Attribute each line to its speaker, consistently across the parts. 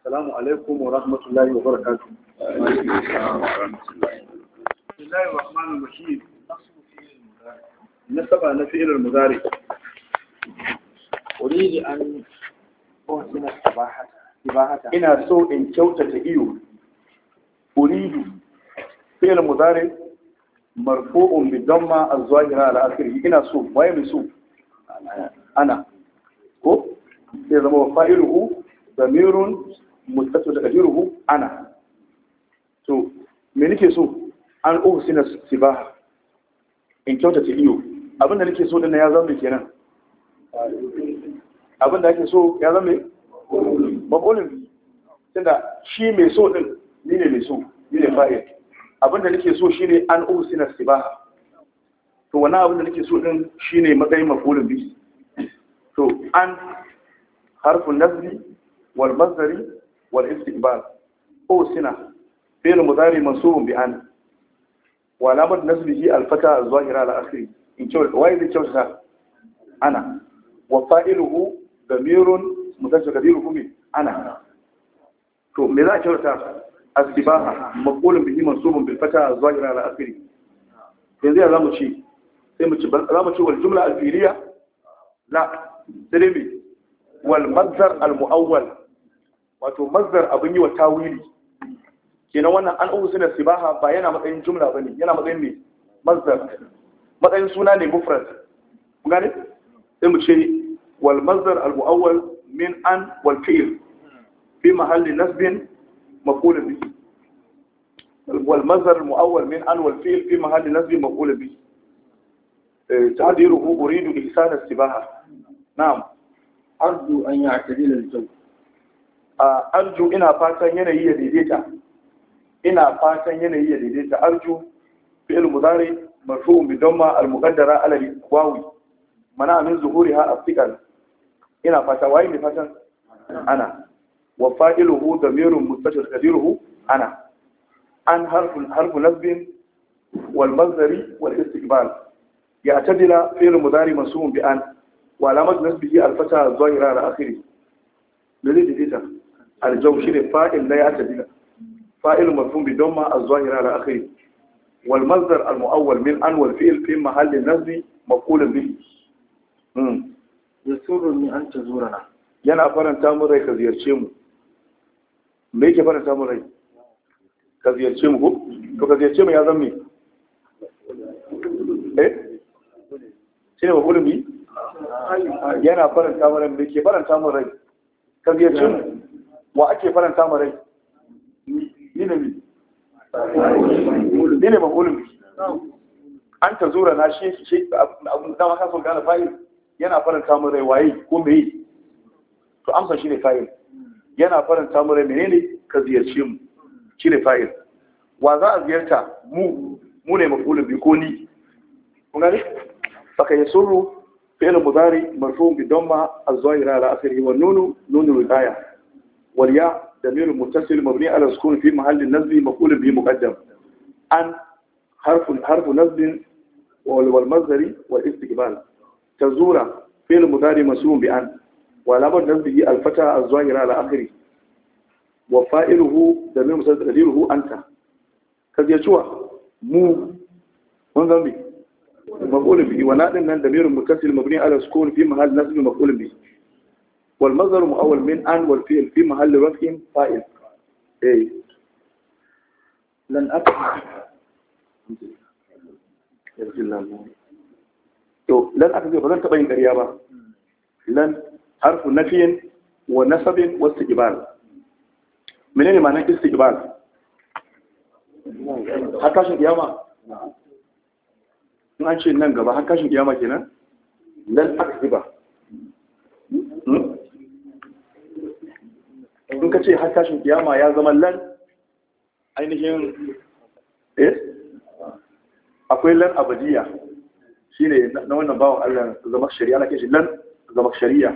Speaker 1: Assalamu alaikum wa rahmatullahi wa barakatu. Wa alaikum wa rahmatullahi wa barakatu. Wa alaikum wa rahmatullahi wa barakatu. Wa alaikum wa rahmatullahi wa barakatu. Wa alaikum wa rahmatullahi wa barakatu. Wa alaikum wa rahmatullahi wa barakatu. Wa alaikum wa rahmatullahi wa barakatu. marfu'un bi damma az-zahira ala akhirih ina so waye mai so ana ko sai zama wa fa'iluhu damirun mustatir da kadiruhu ana to me nake so an uhsina sibah in kyauta ta iyo abin da nake so din ya zama kenan abin da ake so ya zama makolin tunda shi mai so din ni ne mai so ni ne fa'il abinda nake so shine an usina sibaha to wannan abinda nake so din shine matsayin mafulun bi to an harfun nasbi wal masdari wal istiqbal usina fi'l mudari mansubun bi an wa alamat nasbihi al fata al zahira al akhir in cewa wai zai cewa ana wa fa'iluhu damirun mutashakkadiru kuma ana to me za a cewa asibaha makolin bihi mansubun bil fata zahira ala akhiri yanzu za mu ce sai mu ce za mu ce wal jumla al fi'liya la sai me wal mazdar al muawwal wato mazdar abin yi wa tawili kenan wannan an uku suna sibaha ba yana matsayin jumla bane yana matsayin ne mazdar matsayin suna ne mufrad kun gane sai mu ce wal mazdar al muawwal min an wal fi'l fi mahalli nasbin مفعول به والمصدر المؤول من أن والفعل في محل نصب مفعول به تقديره أريد إحسان السباحة نعم أرجو أن يعتدل الجو أرجو إنا فاتن ينهي يديديتا إنا فاتن ينهي يديديتا أرجو فعل مضارع مرفوع بضمة المقدرة على الواوي منع من ظهورها الثقل إنا فاتن وين فاتن أنا wa fa'iluhu damirun mustatir kadiruhu ana an harfun harfu nasbin wal mazari wal istiqbal ya tadila fi'l mudari mansubun bi an wa alamat nasbihi al fata zahira ala akhiri lalle dita al jaw shine fa'il la ya tadila fa'il marfun bi damma al zahira ala akhiri wal mazdar al muawwal min an hmm. an yana faranta mu ka ziyarce mu me yake fara samun rai ka ziyarce mu ko to ka ziyarce mu ya zan me eh shi ne makulun bi yana faranta mu rai me ke faranta mu rai ka ziyarce mu wa ake faranta mu rai ni ne mi ni ne makulun bi an ta zura na shi shi abun da ma ka so gane fa'il yana faranta mu rai waye ko me yi? to amsa shi ne fa'il yana faranta mu rai menene ka ziyarci mu shine fa'il wa za a ziyarta mu mu ne mafulun bi ko ni kun gane baka yasurru fi'l mudari marfu'un bi damma az-zahira ala akhirih wa nunu nunu al-aya wal ya damir muttasil mabni ala sukun fi mahalli nasbi maf'ul bi muqaddam an harf harf nasb wal wal mazari wal istiqbal tazura fi'l mudari masrun bi an walaman nan biyi alfata a zuwa gira la'akari wa fa'iluhu da mai musamman daliluhu an ta ka zai cewa mu mun zambi maƙulun biyi wa naɗin nan da mirin mutasir mabni ala sukun fi mahal nasibi maƙulun biyi wal mazar mu'awal min an wal fi'il fi mahal rafin fa'il eh lan aka to lan aka ce ba zan taɓa yin ƙarya ba lan harfu nafiyin wa nasabin wa istiqbal menene ma'anar istiqbal har kashin kiyama in an ce nan gaba har kashin kiyama kenan lan ziba? Hmm? in ka ce har tashin kiyama ya zama lan ainihin eh akwai lan abadiya shi ne na wannan bawan allah zama shari'a na ke shi lan zamakshariya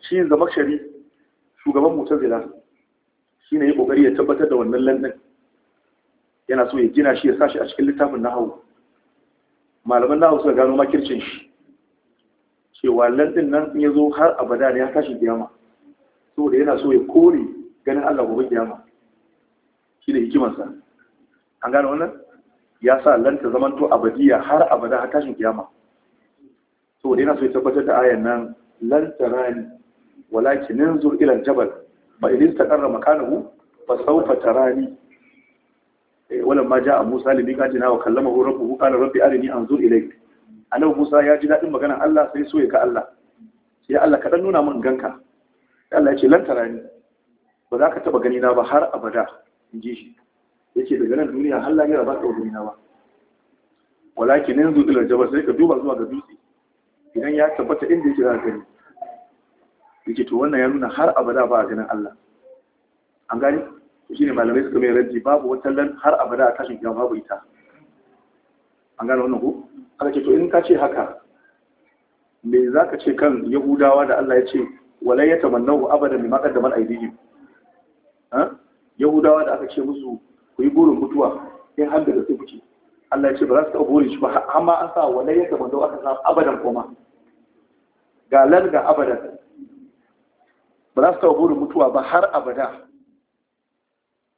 Speaker 1: shi shari shugaban mutazila shi ne ya kokari ya tabbatar da wannan landan yana so ya gina shi ya sa shi a cikin littafin nahawu malaman nahawu suka gano makircin shi cewa landan nan in ya zo har abada ne ya tashi kiyama saboda yana so ya kore ganin Allah gobe kiyama shi da hikimansa, an gano wannan ya sa lanta zamanto abadiya har abada har tashin kiyama to dai so ya tabbatar da ayan nan lan tarani walakin ninzur ila aljabal fa idin taqarra makanahu fa sawfa tarani eh wala ma jaa musa li bikati na wa kallamahu rabbuhu qala rabbi arini anzur ilayk anan musa ya ji dadin magana Allah sai so ya ka Allah Ya Allah ka dan nuna min ganka Allah ya ce lan tarani ba za ka taba gani na ba har abada in ji shi yace daga nan duniya Allah ya raba ka duniya ba walakin ninzur ila aljabal sai ka duba zuwa ga dutse idan ya tabbata inda yake za a gani yake to wannan ya nuna har abada ba a ganin Allah an gani shi ne malamai suka mai raddi babu wata lan har abada a tashin kiyama babu ita an gani wannan ko aka ce to in ka ce haka me za ka ce kan yahudawa da Allah ya ce walai ya tamannahu abadan bi maqaddamal aydihim ha yahudawa da aka ce musu ku yi burin mutuwa in har da gaske kuke Allah ya ce ba za su taɓa burin shi ba amma an sa walai ya tamannahu aka sa abadan koma ga lan ga abadan ba za su taɓa burin mutuwa ba har abada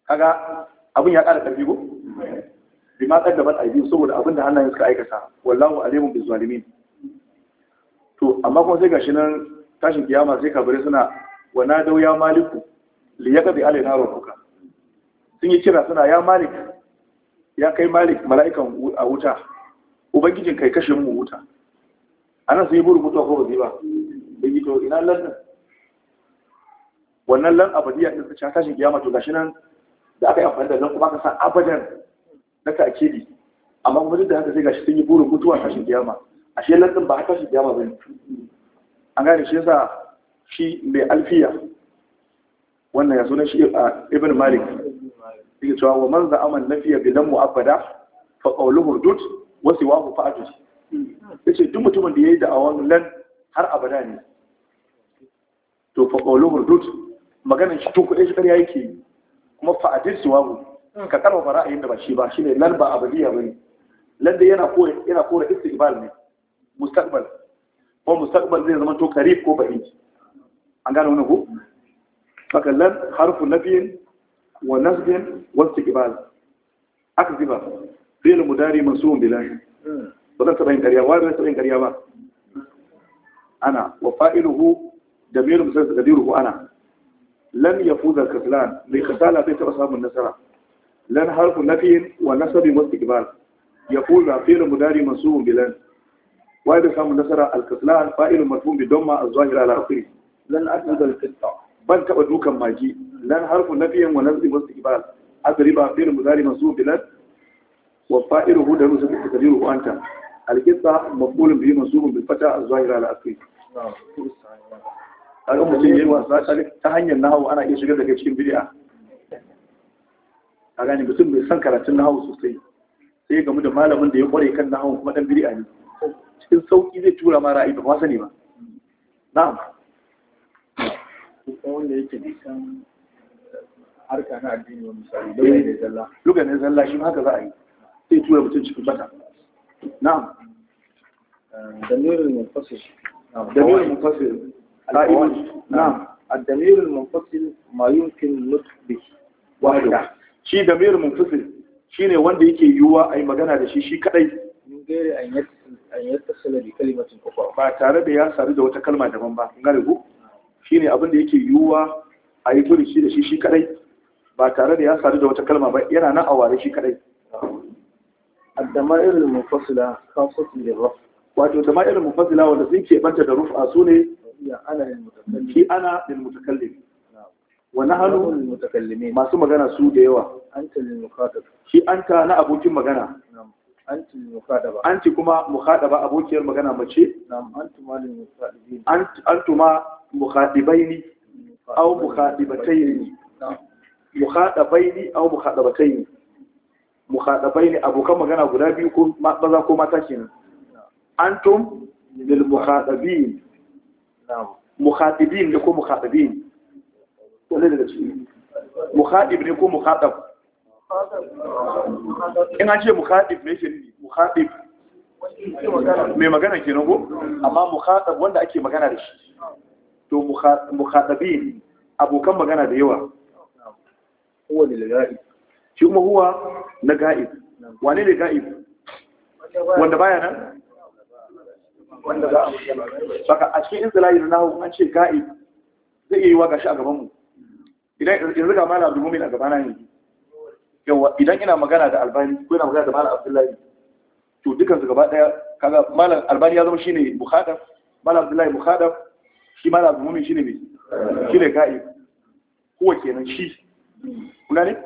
Speaker 1: kaga abin ya kara ƙarfi ko bi ma da ban aibi saboda abin da hannayen suka aikata wallahu alimun bi zalimin to amma kuma sai gashi nan tashin kiyama sai kabari suna wa na dau ya maliku li bi alaina rabbuka sun yi kira suna ya malik ya kai malik mala'ikan a wuta ubangijin kai kashe mu wuta ana su yi buru mutuwa ko ba ba yi to ina lannan wannan lan abadiya ɗin ta tashin kiyama to gashi nan da aka yi amfani da lan kuma aka san abadan na ka amma kuma duk da haka sai gashi sun yi buru mutuwa tashin kiyama ashe lan ɗin ba haka tashin kiyama ba ne an gane shi yasa shi mai alfiya wannan ya sunan shi ibn malik yake cewa wa man za'aman nafiya bilan mu'abada fa qawluhu dud wa siwahu fa'adud ya ce duk mutumin da ya yi da'awan lan har abada ne to faƙolin hurdut maganin shi tun kuɗin shi ƙarya yake yi kuma fa'adin su wabu ka karfafa ra'ayin da ba shi ba shi ne lan ba abadiya ba ne lan da yana kore yana kore istiqbal ne mustaqbal ko mustaqbal zai zama to karif ko ba'i an gane wannan ko saka lan harfu nafiyin wa nasbin wa istiqbal akziba fi'l mudari mansubun bilan ba zan taɓa yin ƙarya ba zan taɓa yin ƙarya ba ana wa fa'iluhu da miru musamman ana lan ya fuza kafilan mai kasala bai taɓa samun nasara lan harfu nafiyin wa nasabi wasu ikibar ya fuza fi'il mudari masu bilan wai da samun nasara alkafilan fa'ilun marfu bi don ma a zahira al'akiri lan asibita alkista ban taɓa dukan magi lan harfu nafiyin wa nasabi wasu ikibar adriba fi'il mudari masu bilan wa fa'iluhu da musamman takadiruhu anta alƙisa mafulun biyu masubun bil fata az-zahira al asli kaga mutum yayi wasa ta hanyar nahawu ana iya shigar daga cikin bid'a A gani mutum bai san karatun nahawu sosai sai gamu da malamin da ya ƙware kan nahawu kuma dan bid'a ne cikin sauƙi zai tura ma ra'ayi ba ma sani ba na'am wanda yake harka na addini wa misali eh, lokacin da zalla zalla shi haka za a yi sai tura mutum cikin bata na'am الدمير المنفصل الدمير المنفصل دائما نعم الدمير المنفصل ما يمكن نطق به واحد شي دمير منفصل wanda yake a magana da shi shi kadai min an kalimatin ba tare da ya sadu da wata kalma daban ba kun gane Shi ne abin da yake yiwuwa a yi shi da shi shi kadai ba tare da ya sadu da wata kalma ba yana nan a ware shi kadai الدمائر المنفصلة خاصة للرفض wato da ma'irin mufassila wanda sun keɓanta da rufa su ne ki ana lil mutakallim wa nahnu lil masu magana su da yawa anta lil muqaddab anta na abokin magana anti muqaddaba anti kuma muqaddaba abokiyar magana mace na'am antuma lil muqaddibin antuma muqaddibaini aw muqaddibataini muqaddabaini aw muqaddabataini ne. abokan magana guda biyu ko maza ko mata kenan antum lil mukhatabin na'am mukhatibin ne ko mukhatabin wanda da shi mukhatib ne ko mukhatab in an ce mukhatib me shi mukhatib me magana kenan ko amma mukhatab wanda ake magana da shi to mukhatabin abokan magana da yawa huwa lil ghaib shi kuma huwa na ghaib wane ne ghaib wanda baya nan wanda za a mutu saka a cikin izdalayi na nahu an ce ga'i zai iya yi wa gashi a gaban mu. idan yanzu ga malam abdulmumin a gabana yanzu yawa idan ina magana da albani ko ina magana da malam abdullahi to dukansu gaba daya kaga malam albani ya zama shine muhadaf malam abdullahi muhadaf shi malam abdulmumin shine me shine ga'i kuwa kenan shi kuna ne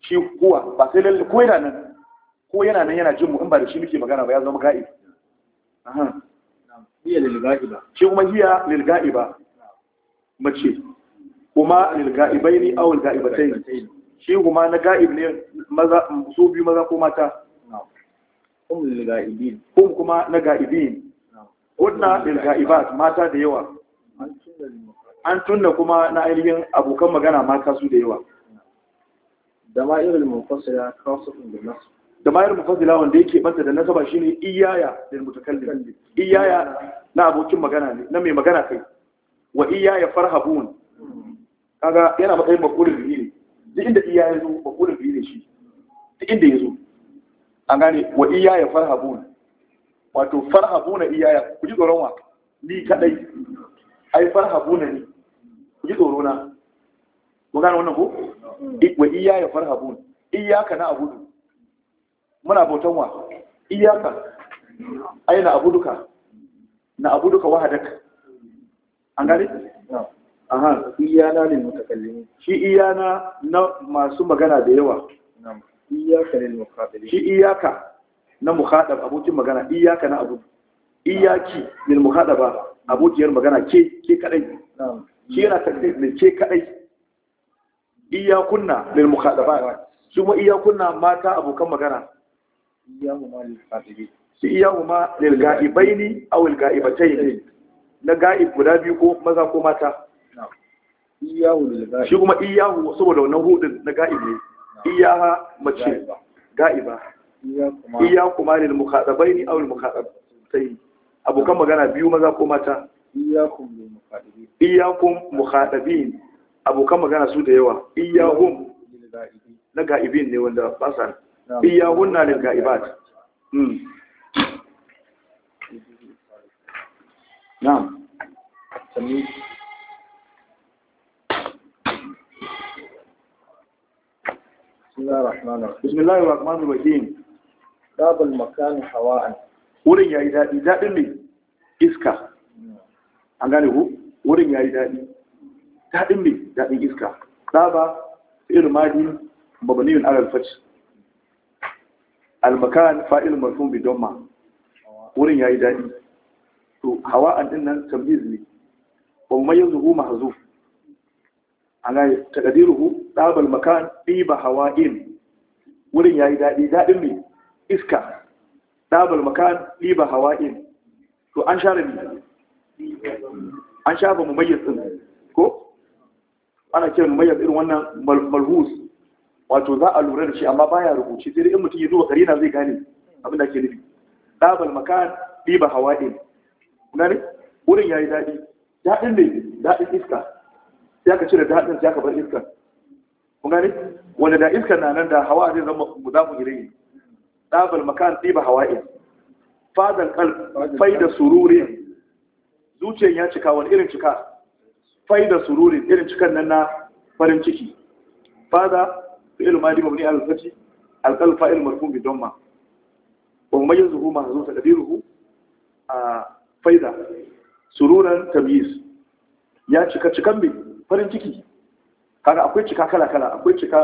Speaker 1: shi kuwa ba sai lalle ko yana nan ko yana nan yana jin mu in ba da shi muke magana ba ya zama ga'i aha hiya lilga'iba ke kuma hiya lilga'iba mace kuma lilga'ibai ne awal ga'ibatai shi kuma na ga'ib ne maza su biyu maza ko mata kun kuma kum kuma na ga'ibin kunna lilga'ibat mata da yawa an tunna kuma na ainihin abokan magana mata su da yawa da ma mafasa ya kawo sufin da nasu da mayar mufassila wanda yake banta da nasaba shine iyaya lil mutakallim iyaya na abokin magana ne na mai magana kai wa iyaya farhabun kaga yana matsayin maqulul bihi ne duk inda iyaya zo maqulul bihi ne shi duk inda yazo an gane wa iyaya farhabun wato farhabuna iyaya ku ji tsoron wa ni kadai ai farhabuna ni ku ji tsoro na ku gane wannan ko mm. wa iyaya farhabun iyaka na abudu muna bautan wa iyaka ai na abuduka na abuduka wahadaka an gane aha iyana ne mutakallimi shi iyana na masu magana da yawa iyaka ne mukhatabi shi iyaka na mukhatab abokin magana iyaka na abu iyaki lil mukhataba abokiyar magana ke ke kadai shi yana takdir ne ke kadai iyakunna lil mukhadaba kuma iyakunna mata abokan magana su iyahu ma lilga'ibai ne a wilga'ibatai ne na ga'ib guda biyu ko maza ko mata shi kuma iyahu saboda wannan hudun na ga'ib ne iya ha mace ga'iba iya kuma lil mukhatabai ne a yi abokan magana biyu maza ko mata iyakun mukhatabi abokan magana su da yawa iyahum na ga'ibin ne wanda ba sa iyawunna lil ga'ibat hmm. na'am sami bismillahir rahmanir rahim babul makan hawa'an wurin yayi dadi dadin ne iska an gane ku wurin yayi dadi dadin ne dadin iska Saba, fi'il madi mabniyun ala almakan fa'il marfun bi wurin ya yi daɗi. to hawa an din nan tamyiz ne wa mayyizuhu mahzuf ana taqdiruhu dabal makan hawa in. wurin ya yi daɗi, daɗin ne iska dabal makan hawa in. to an share ni an sha ba mu mumayyiz din ko ana kiran mayar irin wannan malhus wato za a lura da shi amma baya rubuce sai in mutum ya duba na zai gane abin da ke nufi dabal makan diba hawa'i kuna ne wurin yayi dadi dadin ne dadin iska sai aka cire dadin sai aka bar iska kuna ne wanda da iska na nan da hawa zai zama mudafu ilayhi dabal makan diba hawa'i fadal qalb faida sururin zuciyar ya cika wani irin cika faida sururin irin cikan nan na farin ciki fada fi'il madi mabni ala al-fathi alqal fa'il marfu bi ma. wa mumayyizuhu mahzuf taqdiruhu a faida sururan tamyiz ya cika cikan bi farin ciki kaga akwai cika kala kala akwai cika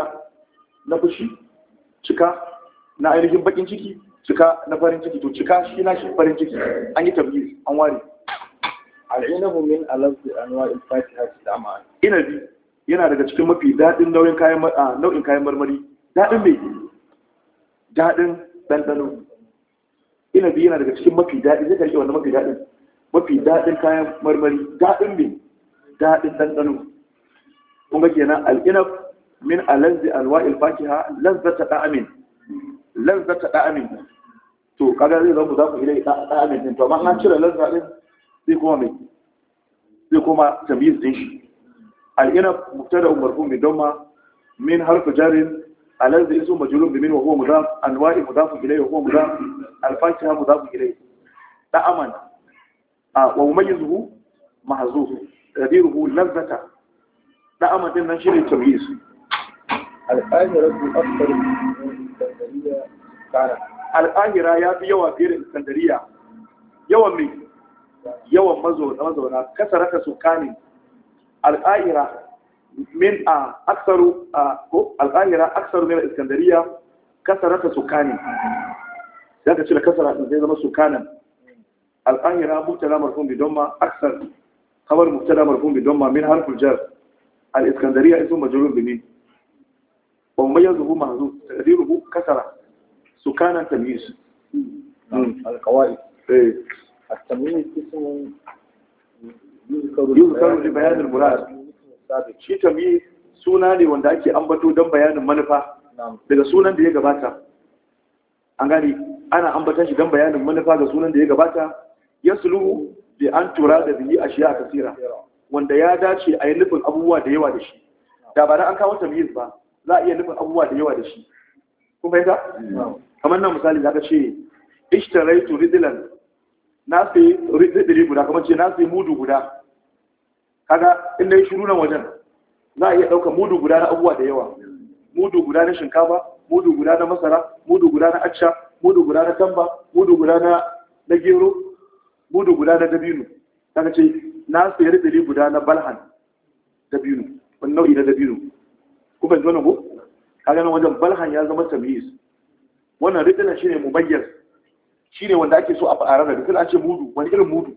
Speaker 1: na fushi cika na ainihin bakin ciki cika na farin ciki to cika shi na shi farin ciki an yi tamyiz an ware al'inahu min alazzi anwa'il fatihati da'ama inabi yana daga cikin mafi daɗin nau'in kayan marmari daɗin mai daɗin ɗanɗano inabi yana daga cikin mafi daɗi zai karke wanda mafi daɗin mafi daɗin kayan marmari daɗin mai daɗin ɗanɗano kun ga kenan al'inab min alanzi ilfaki fakiha lanzata ɗa'amin. lanzata ɗa'amin. to kaga zai zama za ku ilai da'amin din to amma an cire lanzata ɗin zai koma mai zai koma tamyiz din shi الإنب مبتدا مرفوع بدمة من حرف جر الذي اسمه مجرور بمن وهو مضاف أنواع مضاف إليه وهو مضاف الفاتحه مضاف إليه طعما آه، ومميزه محذوف غديره لذة طعما دين شيء التمييز الآهرة أكثر من الإسكندرية يا في يوا غير الإسكندرية يوا مي يوا مزو مزو كسرة سكاني القاهرة من آه، أكثر آه، القاهرة أكثر من الإسكندرية كثرة سكان ذاك تشيل كثرة زي ما سكانا القاهرة مبتلى مرفوع بضمة أكثر خبر مبتلى مرفوع بضمة من حرف الجر الإسكندرية اسم مجرور بمين ومميزه محذوف تقديره كثرة سكانا تمييز القواعد التمييز إيه. اسم yuzkaru li bayan al-murad shi tamyiz suna ne wanda ake ambato don bayanin manufa daga sunan da ya gabata an gani ana ambata shi don bayanin manufa ga sunan da ya gabata ya suluhu da an tura da biyi a shiya a kasira wanda ya dace a yi nufin abubuwa da yawa da shi da ba an kawo tamyiz ba za a iya nufin abubuwa da yawa da shi kun fahimta kamar nan misali zaka ce ishtaraitu ridlan na sai ridli guda kamar ce na sai mudu guda kaga in ya shiru nan wajen za a iya ɗauka mudu guda na abuwa da yawa mudu guda na shinkafa mudu guda na masara mudu guda na acca mudu guda na tamba mudu guda na gero mudu guda na dabino Daga ce na sayar ɗari guda na balhan dabino wani nau'i na dabino ku yanzu wani ko kaga na wajen balhan ya zama tamyiz wannan ridila shine mubayyar shine wanda ake so a fara da ridila an ce mudu wani irin mudu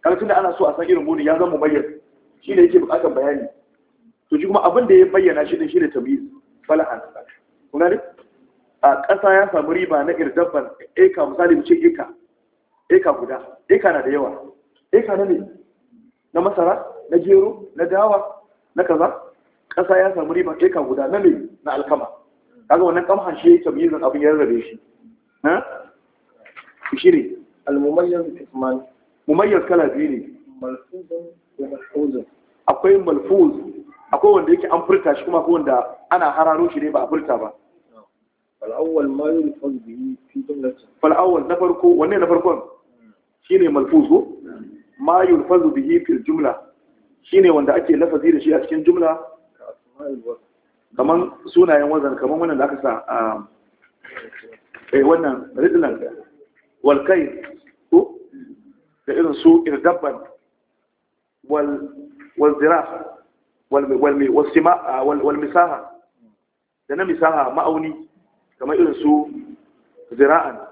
Speaker 1: kaga tunda ana so a san irin mudu ya zama mubayyar shi ne yake bukatar bayani to shi kuma abin da ya bayyana shi ne shi ne tamyiz falahan kun ne? a ƙasa ya samu riba na irdabban eka misali mu ce eka eka guda eka na da yawa eka na ne na masara na gero na dawa na kaza ƙasa ya samu riba eka guda na ne na alkama kaga wannan kamhan shi yake zan abin ya rarrabe shi ha shi ne al-mumayyiz isman mumayyiz kala biyu ne malfuzun da mahfuzun akwai malfuz akwai wanda yake an furta shi kuma akwai wanda ana hararo shi ne ba a furta ba fal'awwal ma yulfaz fi jumlatin fal'awwal na farko wanne na farkon shine malfuz ko ma yulfaz biyu fil jumla shine wanda ake lafazi da shi a cikin jumla kaman sunayen wazan kaman wannan da aka sa a eh wannan ridlan wal kai ko da irin su irdabban wal والزراف والمساحة لأن مساحة مأوني كما يرسو زراعا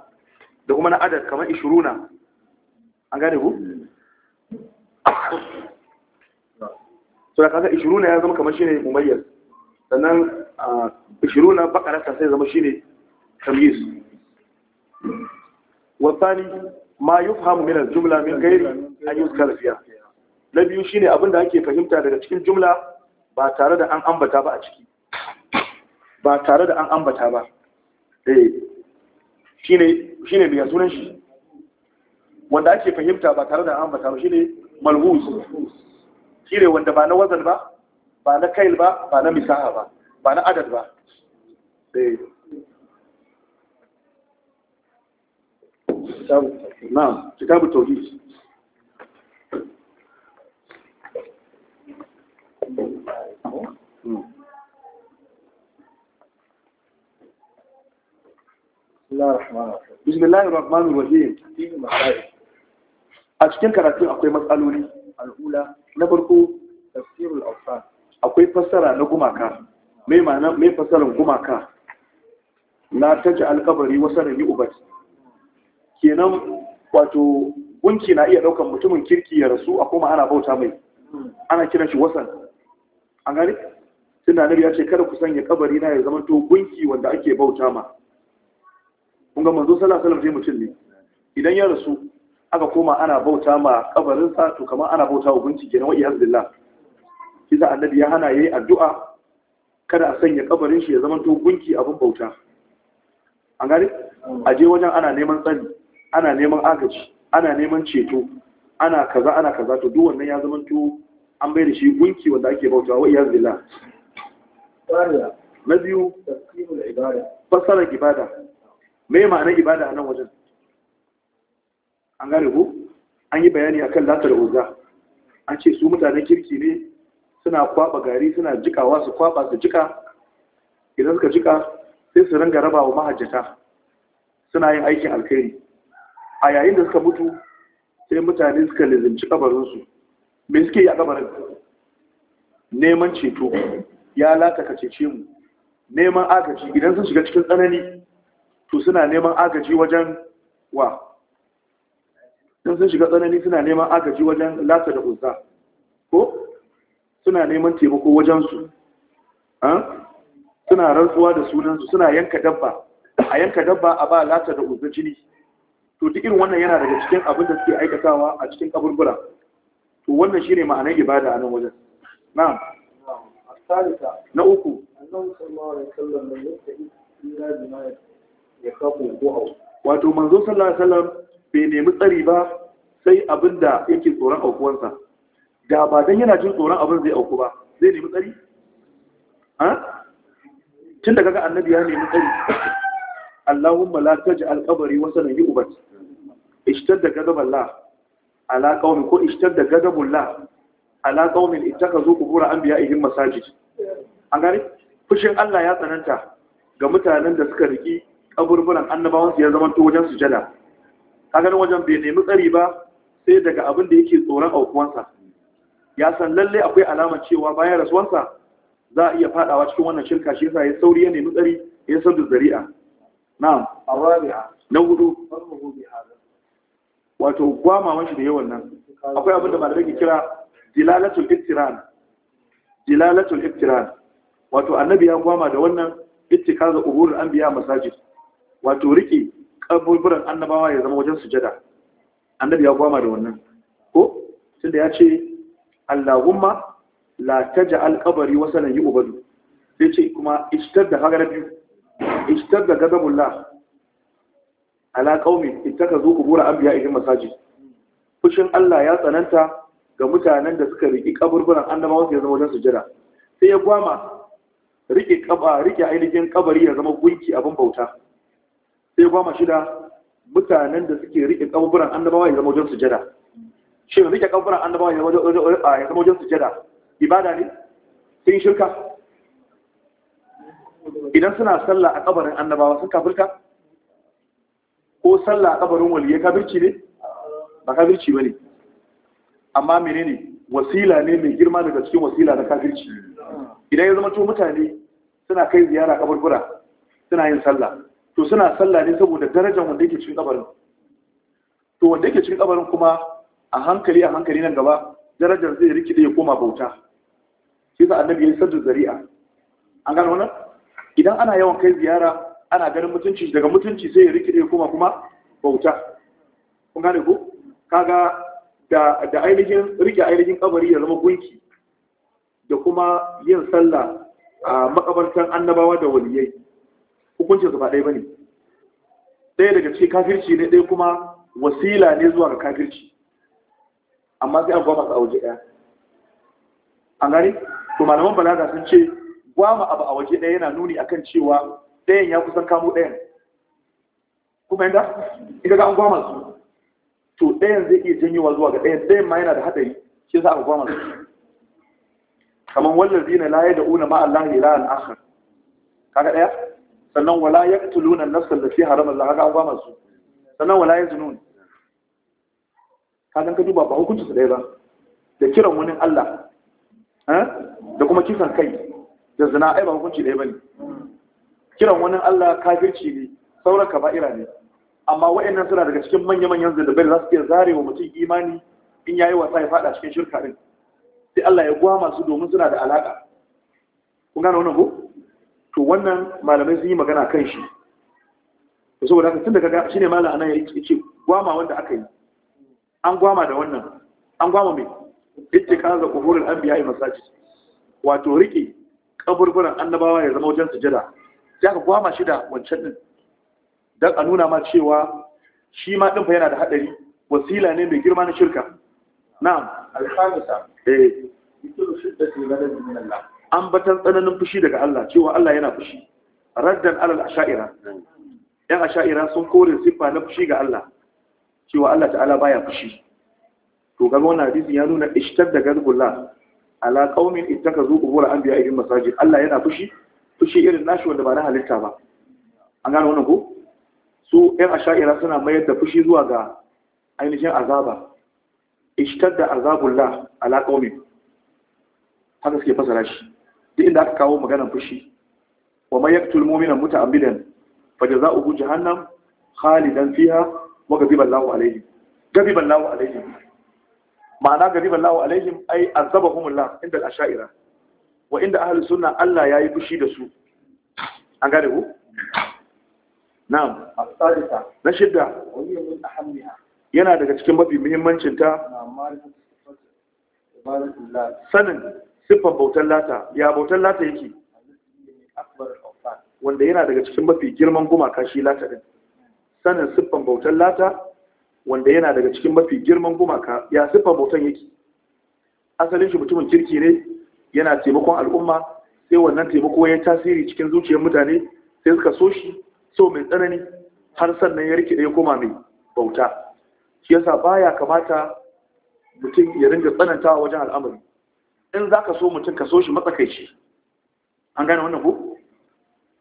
Speaker 1: da kuma na adad kamar ishiruna an gane ishiruna ya zama kamar shine mumayyar sannan ishiruna bakarata sai zama shine tamyiz wasani ma yufhamu min al-jumla min ghairi an yuzkar fiha na biyu shine abin da ake fahimta daga cikin jumla ba tare da an ambata ba a ciki ba tare da an ambata ba eh shine shine biya sunan shi wanda ake fahimta ba tare da an ambata ba shine malhus shine wanda ba na wazan ba ba na kail ba ba na misaha ba ba na adad ba eh na, kitabu tauhid bismillahir a cikin karatun akwai matsaloli al'ula na farko akwai fassara na gumaka mai ma'ana gumaka na alkabari wasu wato gunki na iya daukan mutumin kirki ya rasu a kuma ana bauta mai hmm. ana kiran shi wasan tunda annabi ya ce kada ku sanya kabari na ya zama to gunki wanda ake bauta ma kun ga manzo sallallahu alaihi wasallam mutum ne idan ya rasu aka koma ana bauta ma kabarin sa to kamar ana bauta wa gunki kenan wa iyaz billah kisa annabi ya hana yayi addu'a kada a sanya kabarin shi ya zama to gunki abin bauta an gane a je wajen ana neman tsari ana neman agaji ana neman ceto ana kaza ana kaza to duk wannan ya zama to an bai da shi gunki wanda ake bauta wa iyaz na biyu fassarar ibada mai ma'anar ibada a nan wajen an gane ku an yi bayani a kan latar oza an ce su mutanen kirki ne suna kwaba gari suna jikawa su kwaba su jika idan suka jika sai su ranga raba wa mahajjata suna yin aikin alkhairi a yayin da suka mutu sai mutane suka lizinci kabarinsu me suke yi a kabarin neman ceto ya lata ka cece mu neman agaji idan sun shiga cikin tsanani to suna neman agaji wajen wa idan sun shiga tsanani suna neman agaji wajen lata da uzza ko suna neman taimako wajensu suna rantsuwa da sunansu suna yanka dabba a yanka dabba a ba lata da uzza jini to duk irin wannan yana daga cikin abin da suke aikatawa a cikin kaburbura to wannan shine ma'anar ibada a nan wajen na'am wato manzo sallallahu alaihi wasallam bai nemi tsari ba sai abin da yake tsoron aukuwansa da ba dan yana jin tsoron abin zai auku ba zai nemi tsari ha tun da kaga annabi ya nemi tsari Allahumma la taj'al qabri Ishtar yubat ishtadda ghadaballah ala qaumin ko ishtadda ghadabullah ala qaumin ittakazu qubur anbiya'ihim masajid an gani fushin Allah ya tsananta ga mutanen da suka riki kaburburan annabawansu ya zama to wajen sujada ka ganin wajen bai nemi tsari ba sai daga abin da yake tsoron aukuwansa ya san lalle akwai alamar cewa bayan rasuwansa za a iya fadawa cikin wannan shirka shi yasa ya sauri ya nemi tsari ya san da zari'a na'am arabiya na hudu wato gwamawan shi da yawan nan akwai abin da malamai ke kira dilalatul iktiran. dilalatul wato annabi ya gwama da wannan ittikaza uburul anbiya masajid wato rike kaburburan annabawa ya zama wajen sujada annabi ya gwama da wannan ko tunda ya ce Allahumma la taj'al qabri wasalan yu'badu sai ce kuma istadda hagara biyu istadda gadabullah ala qaumi ittakazu a anbiya'ihim masajid Kushin Allah ya tsananta ga mutanen da suka riki kaburburan annabawa ya zama wajen sujada sai ya gwama rike kaba rike ainihin kabari ya zama gunki abin bauta sai goma shida mutanen da suke rike kaburburan annabawa ya zama wajen sujada shi rike kaburburan annabawa ya zama wajen sujada ibada ne sun shirka idan suna sallah a kabarin annabawa sun kafirka ko sallah a kabarin waliyai kafirci ne ba kafirci ba ne amma menene wasila ne mai girma daga cikin wasila na kafirci idan ya zama to mutane suna kai ziyara kaburbura suna yin sallah to suna sallah ne saboda darajar wanda yake cikin kabarin to wanda yake cikin kabarin kuma a hankali a hankali nan gaba darajar zai rikide ya koma bauta shi sa annabi ya sadu zari'a an gano wannan idan ana yawan kai ziyara ana ganin mutunci daga mutunci sai ya rikide ya koma kuma bauta kun gane ko kaga da da ainihin rike ainihin kabari ya zama gunki da kuma yin sallah a makabartan annabawa da waliyai hukuncin su ba ɗaya bane ɗaya daga cikin kafirci ne ɗaya kuma wasila ne zuwa ga kafirci amma sai an gwama su a waje ɗaya an gani to malaman balaga sun ce gwama abu a waje ɗaya yana nuni akan cewa ɗayan ya kusan kamo ɗayan kuma yanda ita ga an gwama su to ɗayan zai iya janyowa zuwa ga ɗayan ɗayan ma yana da haɗari shi yasa aka gwama su kaman zina la yad'una ma Allah ilahan akhar kaga daya sannan wala yaqtuluna an-nafs allati harama Allah kaga an ba masu sannan wala yazunun kaga ka ba ba hukunci su daya ba da kiran wani Allah eh? da kuma kisan kai da zina ai ba hukunci daya bane kiran wani Allah kafirci ne sauran kaba'ira ne amma wa'annan suna daga cikin manya-manyan zalibai da za su iya zarewa mutum imani in yayi wasa ya fada cikin shirka din sai Allah ya gwama su domin suna da alaka kun gane wannan ko to wannan malamai sun yi magana kan shi to saboda haka tun kaga shine malam anan ya ce gwama wanda aka yi an gwama da wannan an me. ka ga kuburin anbiya anbiya'i masajid wato rike kaburburan annabawa ya zama wajen sujada sai aka gwama shi da wancan din dan a nuna ma cewa shi ma din fa yana da hadari wasila ne mai girma na shirka na'am alhamisa eh yusuf shiddati ghadab min Allah an batan tsananin fushi daga Allah cewa Allah yana fushi raddan alal asha'ira hmm. yan asha'ira sun kore siffa na fushi ga Allah cewa Allah ta'ala baya fushi to ga wannan hadisi ya nuna ishtar da gazbullah ala qaumin ittakazu qubur anbiya ibn masaji. Allah yana fushi fushi irin nashi wanda ba na halitta ba an gano wannan ko su yan asha'ira suna mayar da fushi zuwa ga ainihin azaba ishtadda azabullah ala qaumi haka suke fasara shi duk inda aka kawo maganar fushi wa may yaqtul mu'mina muta'ammidan fajaza'uhu jahannam khalidan fiha wa ghadiba Allahu alayhi ghadiba Allahu alayhi ma'ana ghadiba Allahu alaihim ay azabahumullah inda al-asha'ira wa inda ahlus sunna Allah yayi fushi da su an gane ku na'am as-sadisa na shidda wa hiya min ahammiha yana daga cikin mafi muhimmancin ta sanin siffar bautar lata ya bautar lata yake wanda yana daga cikin mafi girman gumaka shi lata din sanin siffar bautar lata wanda yana daga cikin mafi girman gumaka ya siffar bautan yake asalin shi mutumin kirki ne yana taimakon al'umma sai wannan taimako ya tasiri cikin zuciyar mutane sai suka so shi so mai tsanani har sannan ya rikide ya koma mai bauta shi yasa baya kamata mutum ya ringa tsanantawa wajen al'amari in za ka so mutum ka so shi matsakaici an gane wannan ku?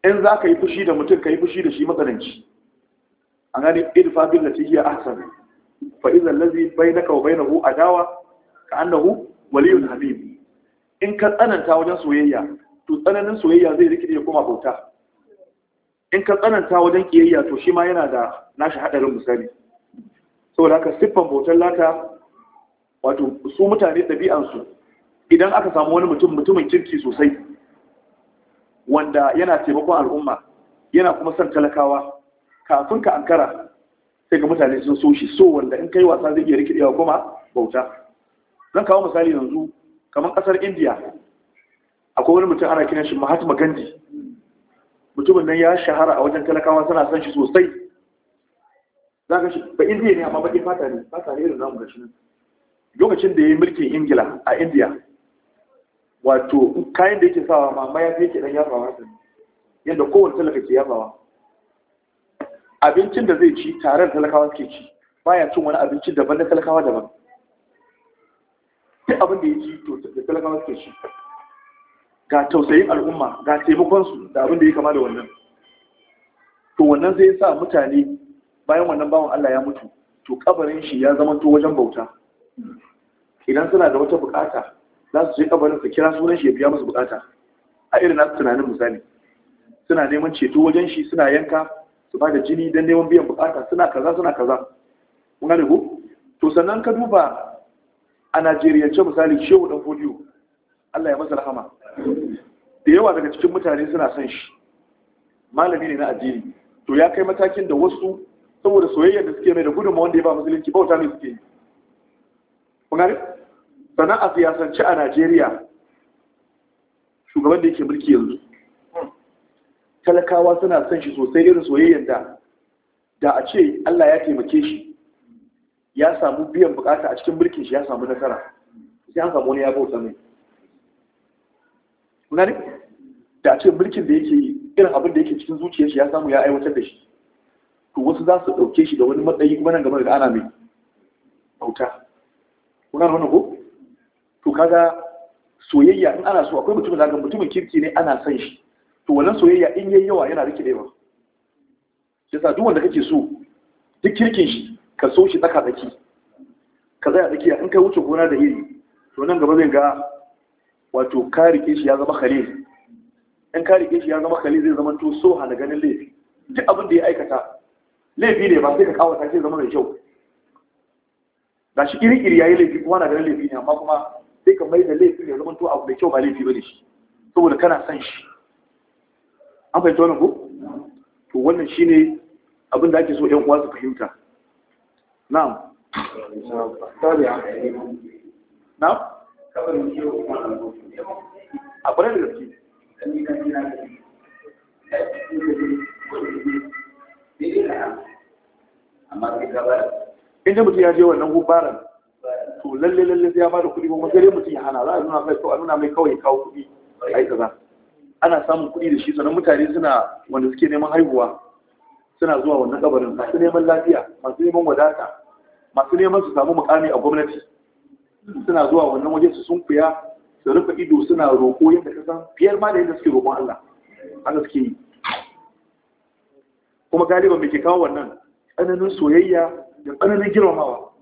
Speaker 1: in za ka yi fushi da mutum ka yi fushi da shi matsananci an gane idfa bil lati ahsan fa idza allazi bainaka wa bainahu adawa ka annahu waliyyun habib in ka tsananta wajen soyayya to tsananin soyayya zai rikide ya koma bauta in ka tsananta wajen kiyayya to shi ma yana da nashi hadarin musali saboda aka siffan bautar lata wato su mutane ɗabi'ansu idan aka samu wani mutum mutumin kirki sosai wanda yana taimakon al'umma yana kuma son talakawa kafin ka ankara sai ga mutane sun so shi so wanda in kai wasa zai iya rikidewa kuma bauta zan kawo misali yanzu kamar kasar Indiya, akwai wani mutum ana kiran shi mahatma gandhi mutumin nan ya shahara a wajen talakawa suna son shi sosai za ka shi ba indiya ne amma baƙin fata ne fata ne irin namu da shi lokacin da ya yi mulkin ingila a indiya wato kayan da yake sawa ma mayafi yake dan yafawa ta yadda kowane talaka ke yafawa abincin da zai ci tare da talakawa ke ci baya cin wani abinci daban na talakawa daban duk abin da ya ci to da talakawa ke ci ga tausayin al'umma ga taimakon su da abin da ya kama da wannan to wannan zai sa mutane bayan wannan bawan Allah ya mutu to kabarin shi ya zama to wajen bauta idan suna da wata bukata za su je kabarin su kira sunan shi ya biya musu bukata a irin nasu tunanin misali suna neman ceto wajen shi suna yanka su ba da jini don neman biyan bukata suna kaza suna kaza kun gane ko to sannan ka duba a Najeriya, ce misali shehu dan fodiyo Allah ya masa rahama da yawa daga cikin mutane suna son shi malami ne na addini to ya kai matakin da wasu saboda soyayyar da suke mai da gudunma wanda ya ba musulunci bauta mai suke yi kunari Sana a siyasance a najeriya shugaban da yake mulki yanzu talakawa suna son shi sosai irin soyayyar da da a ce allah ya taimake shi ya samu biyan bukata a cikin mulkin shi ya samu nasara sai an samu wani ya bauta mai kunari da a ce mulkin da yake yi irin abin da yake cikin zuciyar shi ya samu ya aiwatar da shi to wasu za su ɗauke shi da wani matsayi kuma nan gaba da ana mai bauta kuna da wani ko to kaga soyayya in ana so akwai mutumin da mutumin kirki ne ana son shi to wannan soyayya in yayi yawa yana rike da yawa sa duk wanda kake so duk kirkin shi ka so shi tsaka tsaki ka zaya tsakiya in kai wuce gona da iri to nan gaba zai ga wato ka rike shi ya zama khalil in ka rike shi ya zama khalil zai zama to so hana ganin laifi duk abin da ya aikata laifi ne ba sai ka kawo sai zama mai kyau ga shi iri-iri ya yi laifi kuma na ganin laifi ne amma kuma sai ka mai da laifi ne zaman to abu mai kyau ba laifi ba ne shi saboda kana son shi an fahimta wannan ko to wannan shine abin da ake so 'yan uwa su fahimta na'am na'am a kwanar da gaske in da mutum ya je wannan gubaran to lalle lalle sai ya da kuɗi kuma sai mutum ya hana za a nuna mai a nuna mai kawai kawo kuɗi a yi kaza ana samun kuɗi da shi sannan mutane suna wanda suke neman haihuwa suna zuwa wannan kabarin masu neman lafiya masu neman wadata masu neman su samu mukami a gwamnati suna zuwa wannan waje su sunkuya su rufe ido suna roƙo yadda ka san fiyar ma da yadda suke roƙon Allah haka suke yi kuma galiban mai ke kawo wannan tsananin soyayya da tsananin girmamawa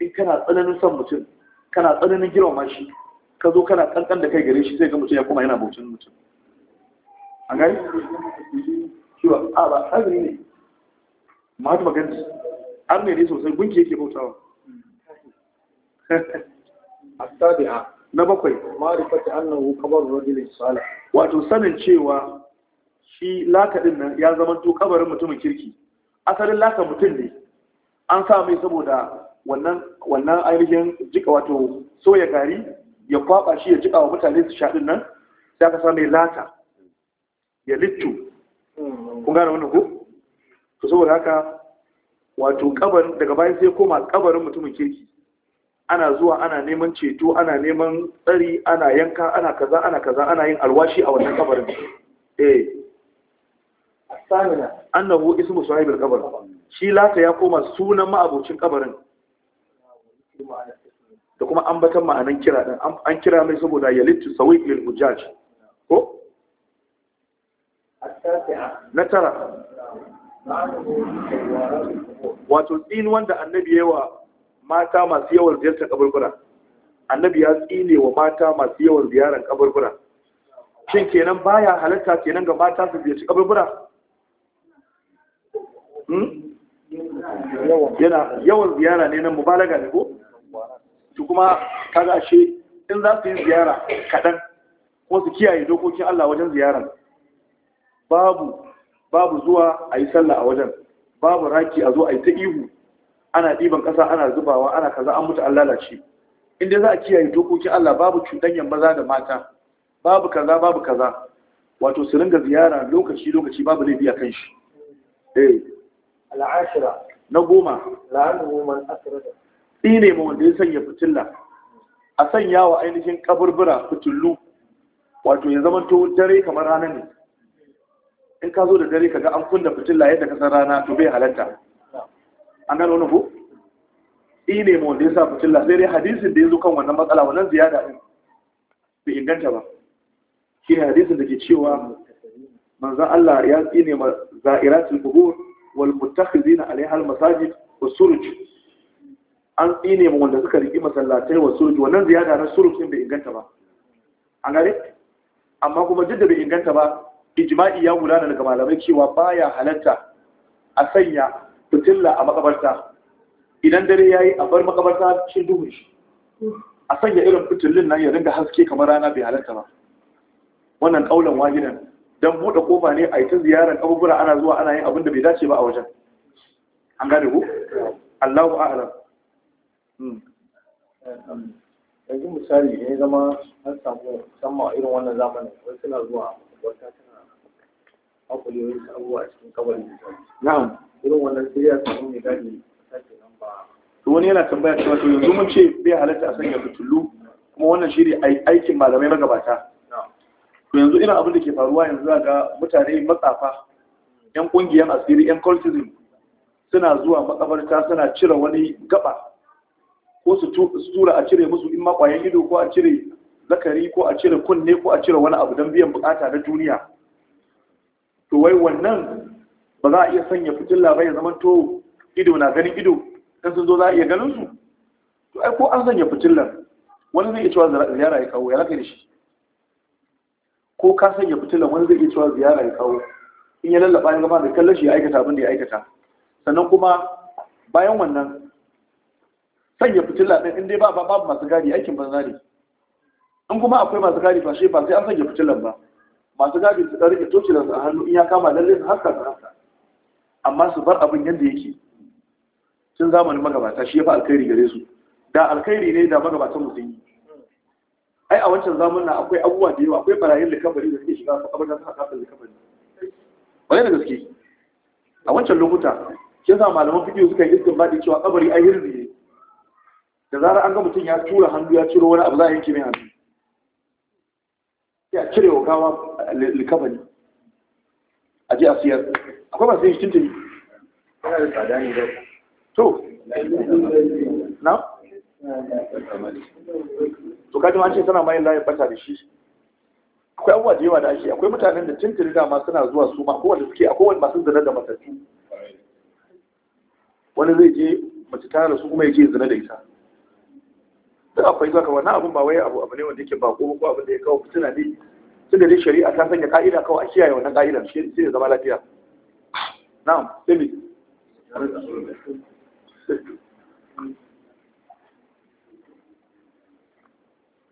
Speaker 1: in kana tsananin son mutum kana tsananin girmama shi ka zo kana kankan da kai gare shi sai ga mutum ya kuma yana bautan mutum an gani cewa a ba tsagiri ne mahatma gandhi an ne sosai gunki yake bautawa asabi'a na bakwai ma'rifati annahu qabr rajulin salih wato sanin cewa shi lakaɗin nan ya zama to kabarin mutumin kirki asalin laka mutum ne an sa mai saboda wannan ainihin jika wato soya gari ya kwaba shi ya jika wa mutane su shaɗin nan sai aka sa mai lata ya littu kun gane wannan ko to saboda haka wato kabar daga bayan sai koma kabarin mutumin kirki ana zuwa ana neman ceto ana neman tsari ana yanka ana kaza ana kaza ana yin alwashi a wannan kabarin eh samina annahu ismu sahibul qabr shi lata ya koma sunan ma'abocin kabarin da kuma ambatan ma'anan kira din an kira mai saboda Yalitu, sawiq lil hujjaj ko na tara wato tsin wanda annabi yawa mata masu yawan ziyartar kaburbura annabi ya tsine wa mata masu yawan ziyarar kaburbura shin kenan baya halatta kenan ga mata su ziyarci kaburbura Hmm? yawan ziyara ne nan mubalaga ne ko to kuma kaga ashe in za su yi ziyara kaɗan ko su kiyaye dokokin Allah wajen ziyara, babu babu zuwa a yi sallah a wajen babu raki a zo a yi ta ihu ana ɗiban ƙasa ana zubawa ana kaza an mutu an lalace inda za a kiyaye dokokin Allah babu cutanyan maza da mata babu kaza babu kaza wato su ringa ziyara lokaci lokaci babu laifi a kan shi eh. al'ashira na goma la'annu man asrada dine mu wanda ya sanya fitilla a sanya wa ainihin kaburbura fitillu wato ya zama to dare kamar rana ne in ka zo da dare kaga an kunna fitilla yadda ka san rana to bai halatta an gano wani ko dine mu wanda ya sa fitilla sai dai hadisin da ya zo kan wannan matsala wannan ziyada din bai inganta ba shi ne hadisin da ke cewa manzon Allah ya tsine ma za'iratul qubur wal mutakhizina alaiha al masajid was suruj an tsine mu wanda suka riki masallatai was suruj wannan ziyada na suruj din bai inganta ba A gare amma kuma duk da bai inganta ba ijma'i ya gudana daga malamai cewa baya halatta a sanya fitilla a makabarta idan dare yayi a bar makabarta cikin duhun shi a sanya irin fitillin nan ya dinga haske kamar rana bai halatta ba wannan kaulan wahidan don buɗe kofa ne a yi ta ziyarar abubuwa ana zuwa ana yin abin da bai dace ba a wajen an gane ku Allahu a'ala hmm. yanzu misali ne zama an samu musamman a irin wannan zamanin wani suna zuwa wata tana hakuri wani abubuwa a cikin kabarin na'am irin wannan sai ya samu mai gadi sake nan ba to wani yana tambaya cewa to yanzu mun ce bai halatta a sanya fitullu kuma wannan shi ne aikin malamai magabata to yanzu irin abin da ke faruwa yanzu za ga mutane matsafa yan ƙungiyar asiri yan cultism suna zuwa makabarta suna cire wani gaba ko su tura a cire musu in makwayen ido ko a cire zakari ko a cire kunne ko a cire wani abu don biyan bukata na duniya to wai wannan ba za a iya sanya fitilla ba ya zama to ido na ganin ido dan sun zo za a iya ganin su to ai ko an sanya fitillar wani zai iya cewa ziyara ya kawo ya raka da shi ko ka sanya fitilan wani zai iya cewa ziyara ya kawo in ya lallaba ya gama da kallon shi ya aikata abin da ya aikata sannan kuma bayan wannan sanya fitila ɗin in dai ba babu masu gadi aikin banza ne in kuma akwai masu gadi ba shi ba sai an sanya fitilan ba masu gadi su ɗarike tocilan su a hannu in ya kama lalle su haska su haska amma su bar abin yadda yake tun zamanin magabata shi ya fi alkhairi gare su da alkhairi ne da magabatan mutum yi ai a wancan zamanin akwai abubuwa da yawa akwai barayin likabari da suke shiga su abubuwa suka kasa likabari wani da gaske a wancan lokuta shi yasa malaman fikiyo suka yi iskan baɗi cewa kabari ai hirzi ne da zarar an ga mutum ya tura hannu ya ciro wani abu za a yanke mai hannu ya cire wa gawa likabari a je a siyar akwai masu yin shi tuntuni to na'am to kaji ma ce tana mayin layin bata da shi akwai abubuwa da yawa da ake akwai mutanen da tuntuni dama suna zuwa su ma kowanne suke akwai wani masu zina da matattu wani zai je mace ta rasu kuma ya je zina da ita duk akwai zaka wannan abun ba wai abu abu ne wanda yake ba ko ko abin da ya kawo fitina ne tunda dai shari'a ta sanya ka'ida kawai a kiyaye wannan ka'idan shi ne zama lafiya na'am sai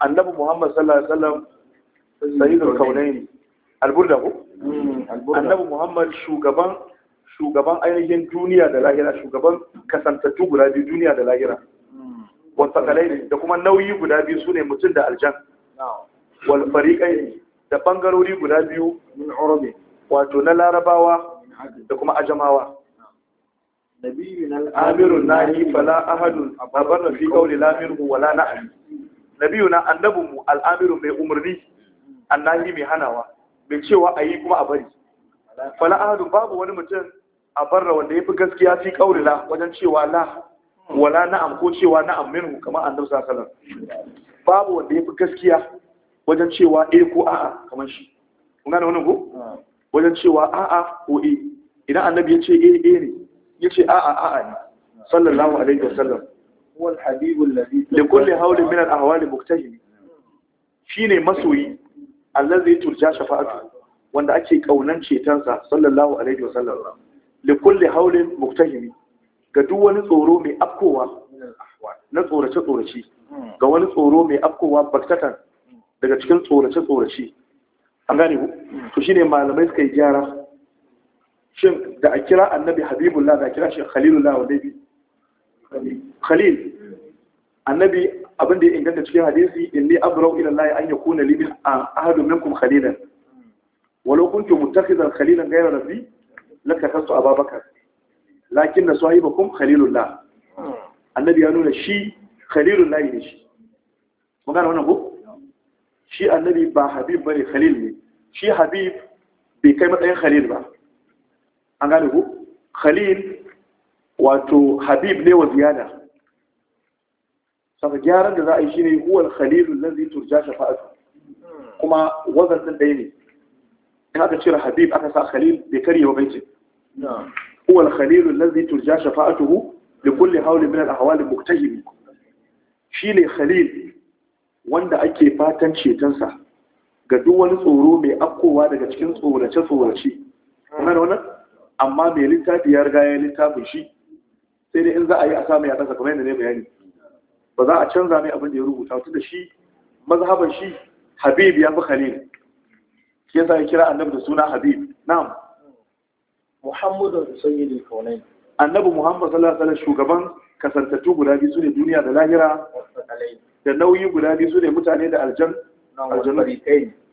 Speaker 1: annabi muhammad sallallahu alaihi wasallam sayyidul kaunaini alburda ko hmm, annabi muhammad shugaban shugaban ainihin duniya da lahira shugaban kasantattu guda biyu duniya da lahira hmm. wasaqalaini da kuma nauyi guda biyu sune mutum da aljan wal fariqaini da bangarori guda biyu min urabi wato na larabawa da kuma ajamawa nabiyun al-amirun nahi fala ahadun abarna fi qawli la minhu wala na'am nabiyuna annabinmu al'amiru mai umarni annahi mai hanawa mai cewa a yi kuma a bari fala ahadun babu wani mutum a barra wanda ya fi gaskiya fi ƙaurila wajen cewa la wala na'am ko cewa na'am minhu kamar annabi sallallahu babu wanda ya fi gaskiya wajen cewa eh ko a'a kamar shi kun gane wannan ko wajen cewa a'a ko eh idan annabi ya ce eh eh ne ya ce a'a a'a ne sallallahu alaihi wasallam هو الحبيب الذي لكل هول من الأهوال مكتهم شيني مسوي الذي ترجى شفاعته وأن أكي قونا شيطانسا صلى الله عليه وسلم لكل هول مكتهم ga duk wani tsoro mai afkowa na tsorace-tsorace ga wani tsoro mai afkowa baktatan daga cikin tsorace-tsorace an gane ku to shine malamai suka yi gyara shin da a kira annabi habibullah da a kira shi khalil annabi abin da ya inganta cikin hadisi inni abrau ila Allah an yakuna li min ahadu minkum khalilan walau kuntu muttakhidan khalilan ghayra rabbi lakafastu ababakar lakin na sahibakum khalilullah annabi ya nuna shi khalilullah ne shi mun gane wannan ko shi annabi ba habib bane khalil ne shi habib bai kai matsayin khalil ba an gane ko khalil wato habib ne wa ziyada saka gyaran da za a yi shine huwal khalilul ladzi turja shafa'atu kuma wazan din ne in aka cire habib aka sa khalil bai karye ba baiti huwal khalilul ladzi turja shafa'atuhu li kulli hawlin min al-ahwal al Shi ne khalil wanda ake fatan cetonsa ga duk wani tsoro mai afkowa daga cikin tsorace-tsorace. Kuna Amma mai littafi ya riga ya littafin shi sai dai in za a yi a samu ya kasa kamar yadda ne bayani ba za a canza mai abin da ya rubuta da shi mazhaban shi habib ya fi khalil shi yasa ya kira annabi da suna habib na'am muhammadu sayyidul kaunain annabi muhammad sallallahu alaihi wasallam shugaban kasantattu guda biyu ne duniya da lahira da nauyi guda biyu sune mutane da aljan aljanna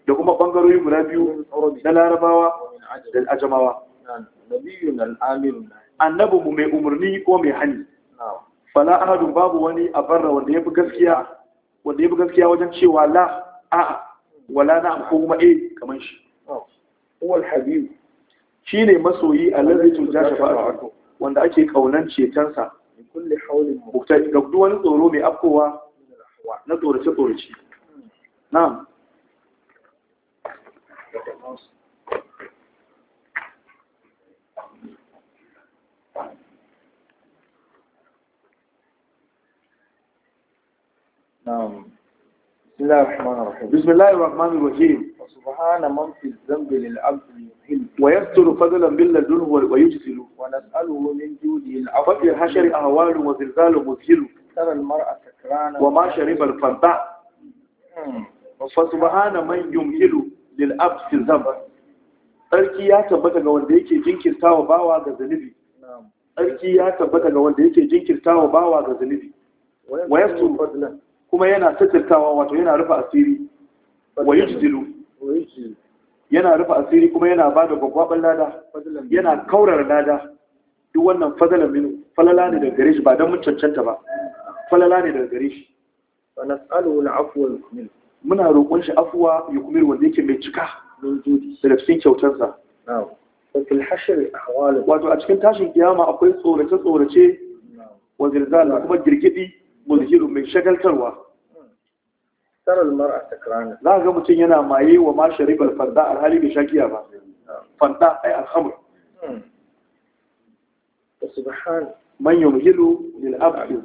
Speaker 1: da kuma bangarori guda biyu na larabawa da ajamawa nabiyun al-amirun mu mai umarni ko mai hani fala ahadun babu wani a barra wanda ya fi gaskiya wanda ya gaskiya wajen cewa la A, wala na ko kuma eh kaman shi wal habib shi masoyi allazi tuja shafa'atu wanda ake kaunan cetonsa kulli muktadi ga duk wani tsoro mai afkowa na tsorace tsorace hmm. na'am نعم بسم الله الرحمن الرحيم بسم الله الرحمن الرحيم وسبحان من في الذنب للعبد يمهل ويستر فضلا باللدنه ويجزل ونسأله من جوده العفو الحشر أهوال وزلزال مذهل ترى المرأة سكرانا وما شرب الفرداء فسبحان من يمهل للعبد في الذنب tsarki ya tabbata ga wanda yake jinkirta wa bawa ga zunubi tsarki ya tabbata ga wanda yake jinkirta wa bawa ga zunubi wa yasu fadlan kuma yana tattartawa wato yana rufe asiri wa yujdilu yana rufe asiri kuma yana ba da gwagwaban lada yana kaurar lada duk wannan fadalan min falala ne daga gare shi ba don mun cancanta ba falala ne daga gare shi wa nas'aluhu al'afwa yukmil muna roƙon shi afwa yukmil wanda yake mai cika daga cikin kyautarsa wato a cikin tashin kiyama akwai tsorace tsorace wa zirzal kuma girgidi mulhiru mai shagaltarwa taral mar'a takrana za ga mutum yana maye wa ma sharibar fanda alhali bai sha giya ba fanda ai alhamr hmm. subhan man yumhilu lil abdi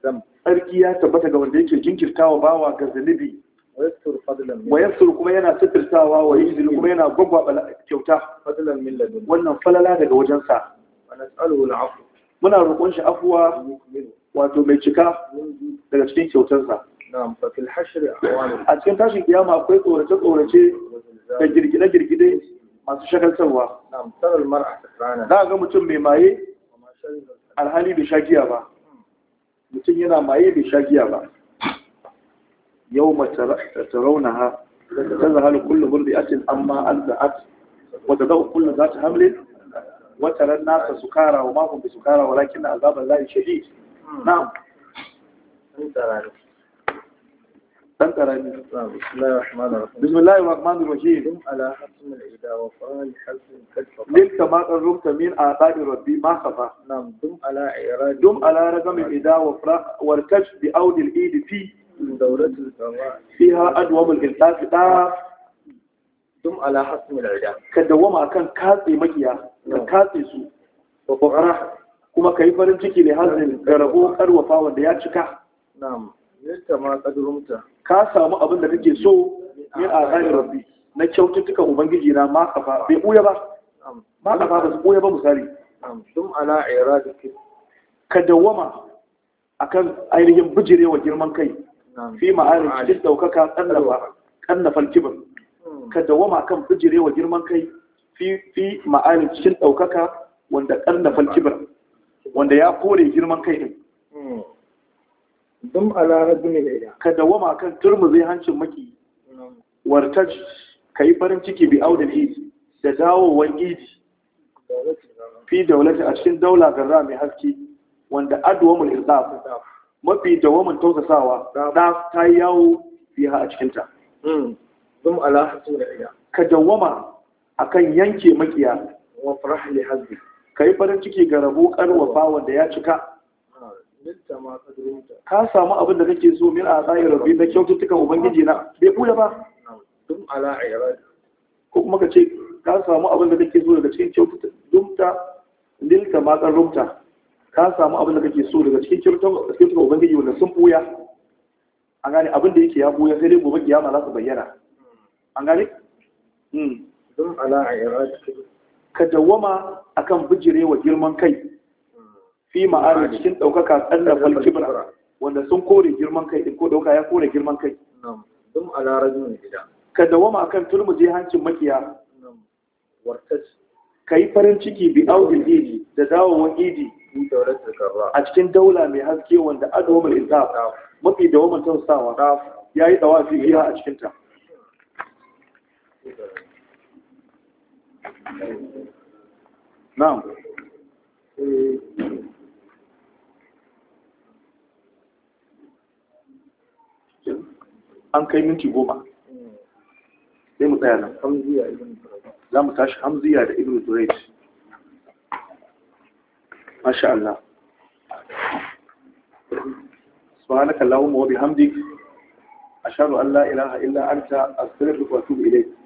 Speaker 1: zam sarki ya tabbata ga wanda yake jinkirtawa bawa ga zanibi wa kuma yana sitirtawa wa yi yuzil kuma yana gwagwaba kyauta fadlan min wannan falala daga wajensa. muna roƙon shi afuwa wato mai cika daga cikin kyautarsa na'am fa fil hashr a cikin tashin kiyama akwai tsorace tsorace da girgide girgide masu shagaltarwa na'am sarar mar'a tasrana za ga mutum mai maye alhali bai shagiya ba mutum yana maye bai shagiya ba yau mace tarauna ha ta zahalu kullum murdi'atin amma alza'at wata za kullum za ta hamle. Wata su wa hamlin وترى الناس سكارى وما هم بسكارى ولكن عذاب الله شديد نعم dan karami bismillahir rahmanir rahim ala hasm al-ida wa qali hasm kadfa lil kama qarrubta min rabbi ma khafa nam dum ala irad dum ala ragam al-ida wa farq wal kashf bi awd al-id fi دورة الزمان فيها أدوم الإلتاف داف دم على حسم العدا كدوما Kuma ka yi farin ciki وبغرا كما كيف rabo لهذا الرغو أروفا ودياتشكا نعم ka samu abin da kake so a azami rabbi na kyaututtukan ubangiji na ma kafa bai ɓuya ba ma kafa ba su ɓuya ba misali yara da ke ka dawama kan ainihin bijirewa girman kai fi ma'ari cikin daukaka kannafa kannafal kibir hmm. ka dawama kan bijirewa girman kai fi ma'ari cikin daukaka wanda kannafal kibir hmm. wanda ya kore girman kai ne. dum ala rajulil ila ka dawama kan turmuzi hancin maki wartaj kai farin ciki bi audil idi da dawowan idi fi daulati a cikin daula garra mai haske wanda adwamul irdaf mafi dawamin tausasawa da ta yawo fiye a cikin ta hmm. dum ala hasira ila ka dawama akan yanke makiya wa farah li hazbi kai farin ciki ga rabo karwafa wanda ya cika ka samu abin da kake so min a tsayi rabbi na kyaututtukan ubangiji na bai kula ba dum ala irada ko kuma ka ce ka samu abin da kake so daga cikin kyaututtukan dumta lil kama kan rumta ka samu abin da kake so daga cikin kyaututtukan ubangiji wanda sun buya an gane abin da yake ya buya sai dai gobe kiyama za su bayyana an gane hmm. dum ala irada ka dawwama akan bijirewa girman kai fi ma'ana cikin ɗaukaka tsallafal kibra wanda sun kore girman kai ko ɗauka ya kore girman kai dum larar rajulun gida ka dawama kan turmuje hancin makiya ka yi farin ciki bi audin idi da dawowar idi a cikin daula mai haske wanda adawamar isa mafi dawamar tausawa ya yi tsawa fi iya a cikinta na'am eh, an kai minti goma sai mu tsaya nan za mu tashi hamziya da ibn durayt masha Allah subhanaka allahumma wa bihamdik ashhadu an la ilaha illa anta astaghfiruka wa atubu ilayk